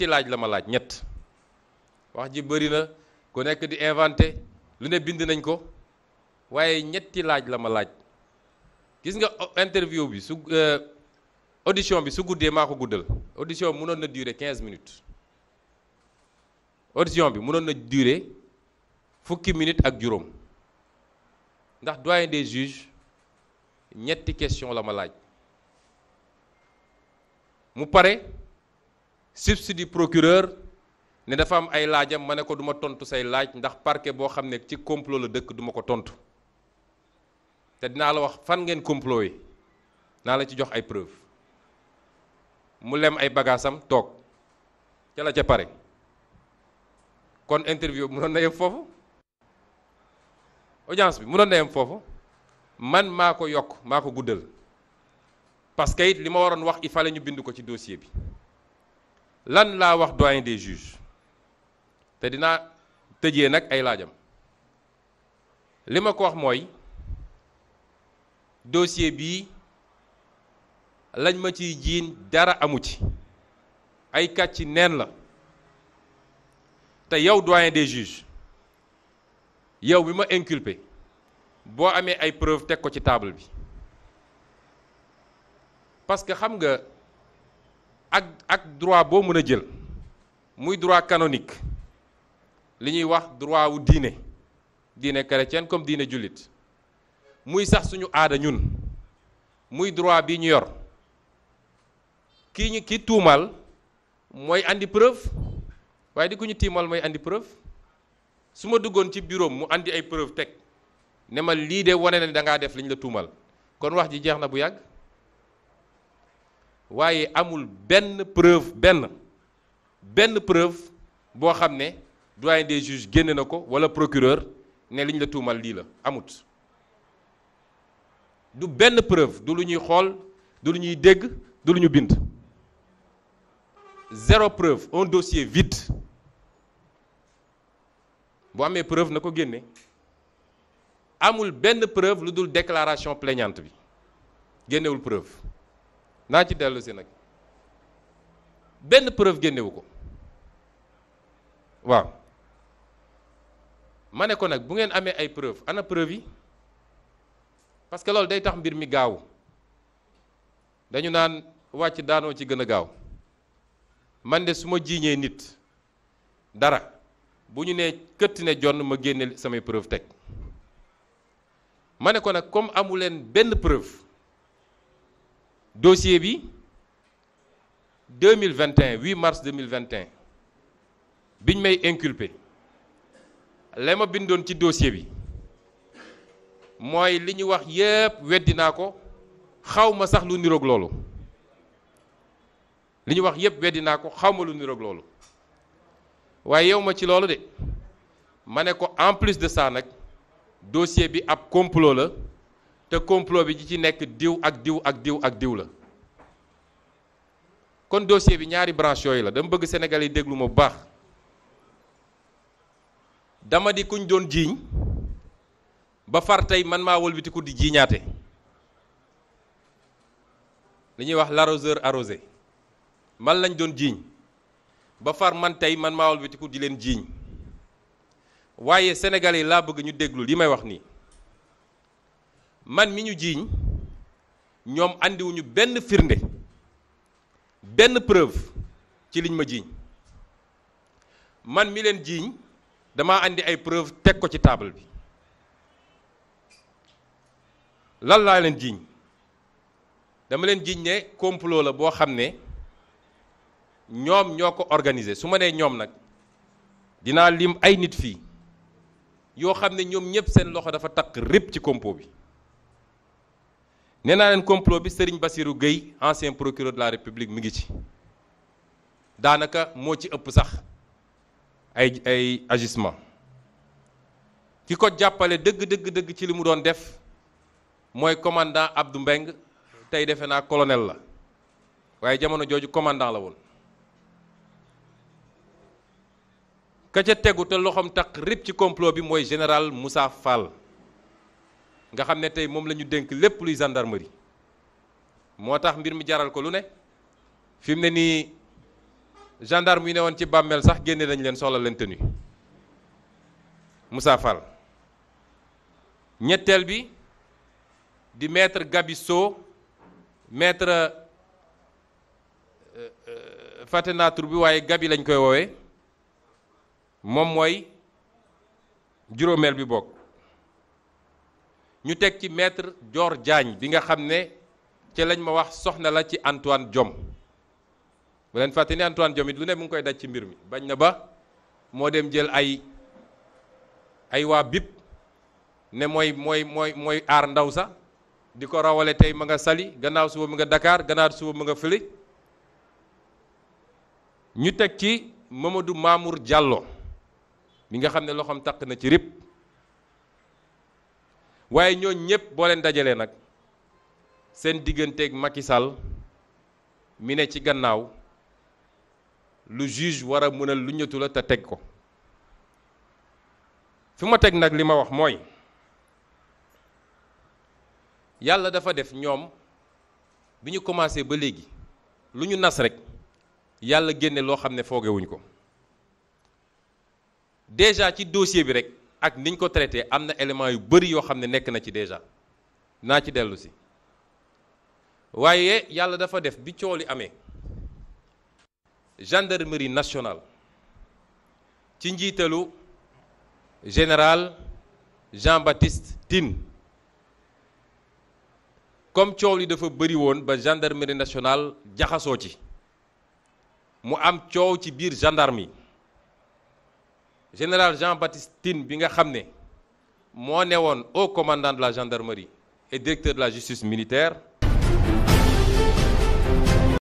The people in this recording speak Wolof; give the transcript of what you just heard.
ñetti laaj la ma laaj ñett wax ji bëri na ku nekk di inventé lu ne bind nañ ko waaye ñetti laaj la ma laaj gis nga interview bi su euh, audition bi su guddee maa ko guddal audition bi mënoon na durer 15 minutes audition bi mënoon na durer fukki minutes ak juróom ndax doyen des juges ñetti question la ma laaj mu pare. substitut procureur ne dafa am ay laajam ma ne ko duma tontu say laaj ndax parquet boo xam ne ci complot la dëkk duma ko tontu te dinaa la wax fan ngeen complot yi naa la ci jox ay preuve mu lem ay bagaasam toog ca la ca pare kon interview mu munoon na yem foofu audience bi munoon na yem foofu man maa ko yokk maa ko guddal parce que it li ma waroon wax il fallait ñu bind ko ci dossier bi lan laa wax doyen des juges te dinaa tëjee nag ay laajam li ma ko wax mooy dossier bii lañ ma ciy jiin dara amu ci ay kàcc neen la te yow doyen des juges yow bi ma inculpé boo amee ay preuve teg ko ci table bi parce xam nga ak ak droit boo mën a jël muy droit canonique li ñuy wax droit wu diine diine chrétienne comme diine jullit muy sax suñu aada ñun muy droit bi ñu yor kii ñu ki tuumal mooy indi preuve waaye di ku ñu tiimal mooy indi preuve su ma duggoon ci bureau mu andi ay preuve teg ne ma lii de wane na ni da ngaa def li la tuumal kon wax ji jeex na bu yàgg waaye amul benn preuve benn benn preuve boo xam ne doyen des juges génne na ko walla procureur ne liñ la tuumal lii la amut du benn preuve du lu ñuy xool du lu ñuy dégg du lu ñu bind zéro preuve un dossier vide boo amee preuve na ko génne amul benn preuve lu dul déclaration plaignante bi génnewul preuve naa ci dellu si nag benn preuve génnewu ko waaw ma ne ko nag bu ngeen amee ay preuve ana preuve yi parce que loolu day tax mbir mi gaaw dañu naan wàcc daanoo ci gën a gaaw man de su ma jiiñee nit dara bu ñu nee këtt ne jonn ma génne samay preuve teg ma ne ko nag comme amu leen benn preuve dossier bi mille vingt 2021 8 mars 2021 biñ may inculpé la ma bindoon ci dossier bi mooy li ñu wax yépp weddi naa ko xaw ma sax lu niroog loolu li ñu wax yépp weddi naa ko xaw ma lu niroog loolu waaye yow ma ci loolu de ma ne ko en plus de ça nag dossier bi ab complot la te complot bi ji ci nekk diw ak diw ak diw ak diw la kon dossier bi ñaari branche yooyu la dama bëgg Sénégal yi déglu ma bu baax dama di kuñ doon jiiñ ba far tey man maa wëlbatiku di jiiñaate li ñuy wax l'arroseur arrosé man lañ doon jiiñ ba far man tey man maa wëlbatiku di leen jiiñ waaye senegal yi laa bëgg ñu déglu lii may wax nii man mi ñu jiiñ ñoom indiwuñu benn firnde benn preuve ci liñ ma jiiñ man mi leen jiiñ damaa indi ay preuve teg ko ci table bi lan laa leen jiiñ dama leen jiiñ ne complot la boo xam ne ñoom ñoo ko organisé su ma nee ñoom nag dinaa lim ay nit fii yoo xam ne ñoom ñëpp seen loxo dafa takk rëpp ci complot bi nee naa leen complot bi Serigne Bassirou Gueye ancien procureur de la République mi ngi ci daanaka moo ci ëpp sax ay ay agissement ki ko jàppale dëgg dëgg ci li mu doon def mooy commandant Abdou Mbeng tey defe naa colonel la waaye jamono jooju commandant la woon ka ca tegu te loxoom taq rib ci complot bi mooy général Moussa Fall nga xam ne tey moom la ñu dénk lépp luy gendarmerie moo tax mbir mi jaral ko lu ne fi mu ne nii gendarme yu ne woon ci bàmmeel sax génne nañ leen soxla leen tenue Moussa ñetteel bi di maître Gabi soo maître euh, euh, fàtte naa bi waaye Gabi lañ koy woowee moom mooy juróomeel bi bokk ñu teg ci maître joor Diagne bi nga xam ne ci lañ ma wax soxna la ci Antoine Diome ba leen fàtte ni Antoine Diome it lu ne mu ngi koy daj ci mbir mi bañ na ba moo dem jël ay ay waa bip ne mooy mooy mooy mooy aar ndaw sax di ko rawale tey ma nga Saly gannaaw suba mu nga dakaar gannaaw suba mu nga fële ñu teg ci Mamadou Mamour jàlloo mi nga xam ne loxoom takk na ci rip waaye ñooñ ñëpp boo leen dajalee nag seen digganteek Macky Sall mi ne ci gannaaw lu juge war a mën a lu ñëtu la te teg ko fi ma teg nag li ma wax mooy yàlla dafa def ñoom bi ñu commencé ba léegi lu ñu nas rek yàlla génne loo xam ne foogewuñu ko déjà ci dossier bi rek ak niñ ko traité am na élément yu bëri yoo xam ne nekk na ci déjà naa ci dellu si waaye yàlla dafa def bi coow li amee gendarmerie nationale ci njiitalu général Jean-Baptiste Tine comme coow li dafa bëri woon ba gendarmerie nationale jaxasoo ci mu am coow ci biir gendarme yi général Jean-Baptiste Tine bi nga xam ne moo newoon haut commandant de la gendarmerie et directeur de la justice militaire